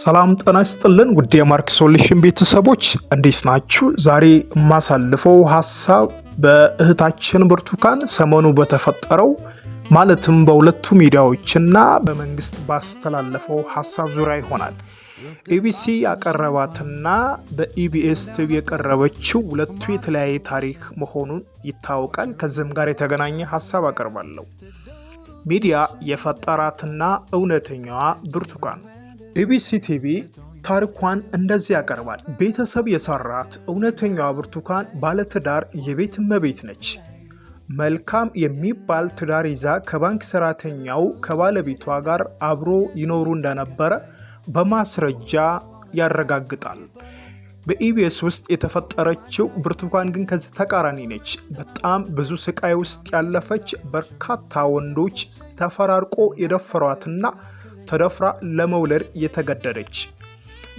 ሰላም ጤና ይስጥልን ውድ የማርክ ሶሉሽን ቤተሰቦች እንዴት ናችሁ? ዛሬ የማሳልፈው ሀሳብ በእህታችን ብርቱካን ሰሞኑ በተፈጠረው ማለትም በሁለቱ ሚዲያዎችና በመንግስት ባስተላለፈው ሀሳብ ዙሪያ ይሆናል። ኤቢሲ ያቀረባትና በኢቢኤስ ቲቪ የቀረበችው ሁለቱ የተለያየ ታሪክ መሆኑን ይታወቃል። ከዚህም ጋር የተገናኘ ሀሳብ አቀርባለሁ። ሚዲያ የፈጠራትና እውነተኛዋ ብርቱካን ኢቢሲ ቲቪ ታሪኳን እንደዚህ ያቀርባል። ቤተሰብ የሰራት እውነተኛዋ ብርቱካን ባለትዳር የቤት እመቤት ነች። መልካም የሚባል ትዳር ይዛ ከባንክ ሰራተኛው ከባለቤቷ ጋር አብሮ ይኖሩ እንደነበረ በማስረጃ ያረጋግጣል። በኢቢኤስ ውስጥ የተፈጠረችው ብርቱካን ግን ከዚህ ተቃራኒ ነች። በጣም ብዙ ስቃይ ውስጥ ያለፈች፣ በርካታ ወንዶች ተፈራርቆ የደፈሯትና ተደፍራ ለመውለድ የተገደደች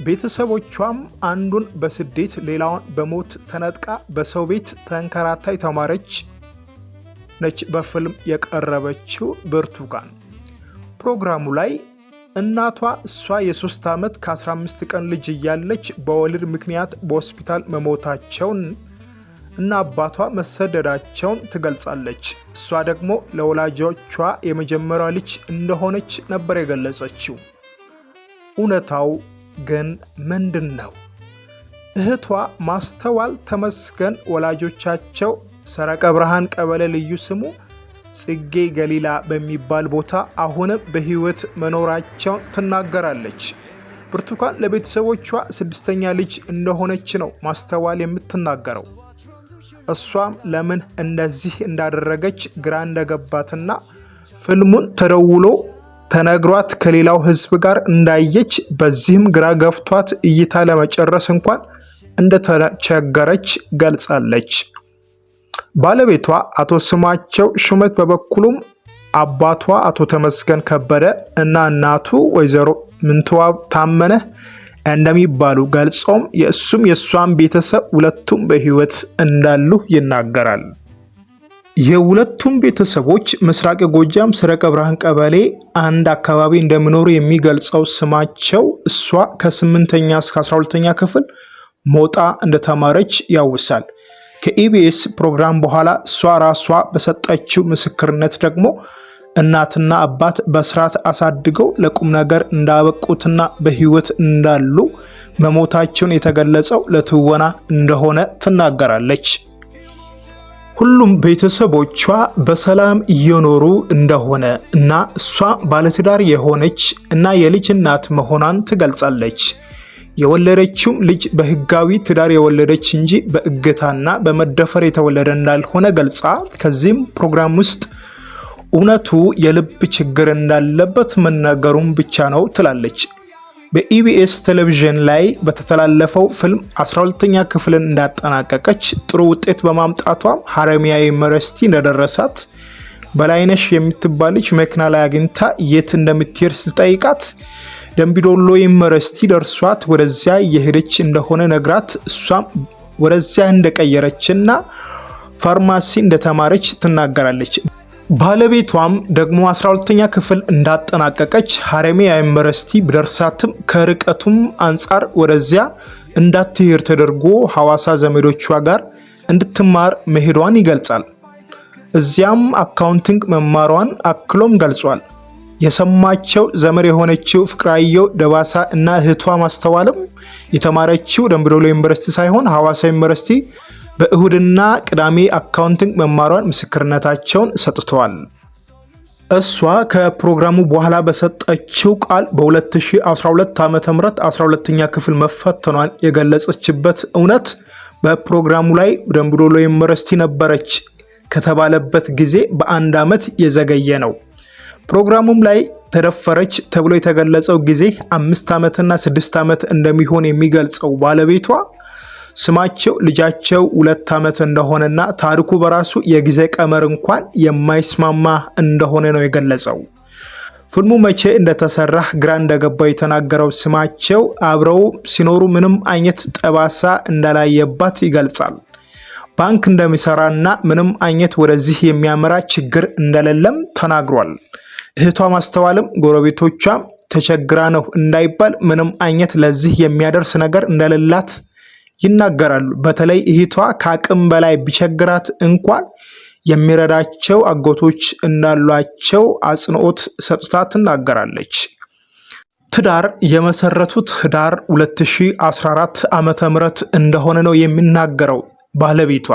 ቤተሰቦቿም አንዱን በስደት ሌላውን በሞት ተነጥቃ በሰው ቤት ተንከራታይ ተማረች ነች። በፊልም የቀረበችው ብርቱካን ፕሮግራሙ ላይ እናቷ እሷ የ3 ዓመት ከ15 ቀን ልጅ እያለች በወሊድ ምክንያት በሆስፒታል መሞታቸውን እና አባቷ መሰደዳቸውን ትገልጻለች። እሷ ደግሞ ለወላጆቿ የመጀመሪያ ልጅ እንደሆነች ነበር የገለጸችው። እውነታው ግን ምንድን ነው? እህቷ ማስተዋል ተመስገን ወላጆቻቸው ሰረቀ ብርሃን ቀበሌ ልዩ ስሙ ጽጌ ገሊላ በሚባል ቦታ አሁንም በሕይወት መኖራቸውን ትናገራለች። ብርቱካን ለቤተሰቦቿ ስድስተኛ ልጅ እንደሆነች ነው ማስተዋል የምትናገረው። እሷም ለምን እንደዚህ እንዳደረገች ግራ እንደገባትና ፍልሙን ተደውሎ ተነግሯት ከሌላው ህዝብ ጋር እንዳየች በዚህም ግራ ገፍቷት እይታ ለመጨረስ እንኳን እንደተቸገረች ገልጻለች። ባለቤቷ አቶ ስማቸው ሹመት በበኩሉም አባቷ አቶ ተመስገን ከበደ እና እናቱ ወይዘሮ ምንትዋብ ታመነ እንደሚባሉ ገልጾም የእሱም የእሷን ቤተሰብ ሁለቱም በህይወት እንዳሉ ይናገራል። የሁለቱም ቤተሰቦች ምስራቅ ጎጃም ሰረቀ ብርሃን ቀበሌ አንድ አካባቢ እንደሚኖሩ የሚገልጸው ስማቸው እሷ ከስምንተኛ እስከ 12ተኛ ክፍል ሞጣ እንደተማረች ያውሳል። ከኢቢኤስ ፕሮግራም በኋላ እሷ ራሷ በሰጠችው ምስክርነት ደግሞ እናትና አባት በስርዓት አሳድገው ለቁም ነገር እንዳበቁትና በህይወት እንዳሉ መሞታቸውን የተገለጸው ለትወና እንደሆነ ትናገራለች። ሁሉም ቤተሰቦቿ በሰላም እየኖሩ እንደሆነ እና እሷ ባለትዳር የሆነች እና የልጅ እናት መሆኗን ትገልጻለች። የወለደችውም ልጅ በህጋዊ ትዳር የወለደች እንጂ በእገታና በመደፈር የተወለደ እንዳልሆነ ገልጻ ከዚህም ፕሮግራም ውስጥ እውነቱ የልብ ችግር እንዳለበት መነገሩም ብቻ ነው ትላለች። በኢቢኤስ ቴሌቪዥን ላይ በተተላለፈው ፊልም 12ኛ ክፍልን እንዳጠናቀቀች ጥሩ ውጤት በማምጣቷም ሀረማያ ዩኒቨርሲቲ እንደደረሳት በላይነሽ የምትባልች መኪና ላይ አግኝታ የት እንደምትሄድ ስትጠይቃት ደምቢዶሎ ዩኒቨርሲቲ ደርሷት ወደዚያ የሄደች እንደሆነ ነግራት እሷም ወደዚያ እንደቀየረችና ፋርማሲ እንደተማረች ትናገራለች። ባለቤቷም ደግሞ 12ተኛ ክፍል እንዳጠናቀቀች ሀረማያ ዩኒቨርሲቲ ብደርሳትም ከርቀቱም አንጻር ወደዚያ እንዳትሄድ ተደርጎ ሐዋሳ ዘመዶቿ ጋር እንድትማር መሄዷን ይገልጻል። እዚያም አካውንቲንግ መማሯን አክሎም ገልጿል። የሰማቸው ዘመድ የሆነችው ፍቅራየው ደባሳ እና እህቷ ማስተዋልም የተማረችው ደምቢዶሎ ዩኒቨርሲቲ ሳይሆን ሐዋሳ ዩኒቨርሲቲ በእሁድና ቅዳሜ አካውንቲንግ መማሯን ምስክርነታቸውን ሰጥተዋል። እሷ ከፕሮግራሙ በኋላ በሰጠችው ቃል በ2012 ዓ ም 12ኛ ክፍል መፈተኗን የገለጸችበት እውነት በፕሮግራሙ ላይ ደምቢዶሎ ዩኒቨርሲቲ ነበረች ከተባለበት ጊዜ በአንድ ዓመት የዘገየ ነው። ፕሮግራሙም ላይ ተደፈረች ተብሎ የተገለጸው ጊዜ አምስት ዓመትና ስድስት ዓመት እንደሚሆን የሚገልጸው ባለቤቷ ስማቸው ልጃቸው ሁለት ዓመት እንደሆነና ታሪኩ በራሱ የጊዜ ቀመር እንኳን የማይስማማ እንደሆነ ነው የገለጸው። ፊልሙ መቼ እንደተሰራ ግራ እንደገባው የተናገረው ስማቸው አብረው ሲኖሩ ምንም አይነት ጠባሳ እንዳላየባት ይገልጻል። ባንክ እንደሚሰራና ምንም አይነት ወደዚህ የሚያመራ ችግር እንደሌለም ተናግሯል። እህቷ ማስተዋልም ጎረቤቶቿም ተቸግራ ነው እንዳይባል ምንም አይነት ለዚህ የሚያደርስ ነገር እንደሌላት ይናገራሉ። በተለይ እህቷ ከአቅም በላይ ቢቸግራት እንኳን የሚረዳቸው አጎቶች እንዳሏቸው አጽንኦት ሰጥታ ትናገራለች። ትዳር የመሰረቱት ህዳር 2014 ዓ ም እንደሆነ ነው የሚናገረው ባለቤቷ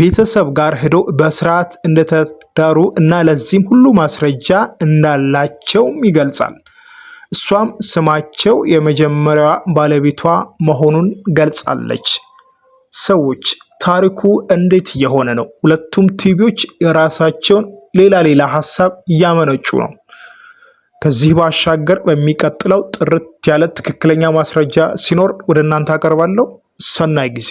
ቤተሰብ ጋር ሄዶ በስርዓት እንደተዳሩ እና ለዚህም ሁሉ ማስረጃ እንዳላቸውም ይገልጻል። እሷም ስማቸው የመጀመሪያ ባለቤቷ መሆኑን ገልጻለች። ሰዎች ታሪኩ እንዴት የሆነ ነው? ሁለቱም ቲቪዎች የራሳቸውን ሌላ ሌላ ሀሳብ እያመነጩ ነው። ከዚህ ባሻገር በሚቀጥለው ጥርት ያለ ትክክለኛ ማስረጃ ሲኖር ወደ እናንተ አቀርባለሁ። ሰናይ ጊዜ